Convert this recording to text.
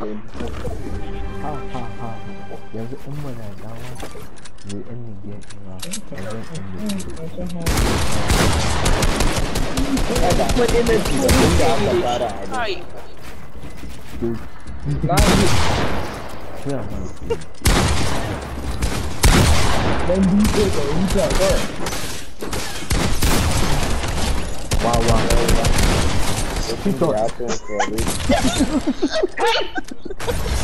lên ha ha ha giờ dục ông mình này đâu vì em nhìn vậy mà em em em nhìn vậy em lên thì cũng đã là ba đại đi nói thế là mình lên đi chơi rồi cũng sợ thôi Keep going.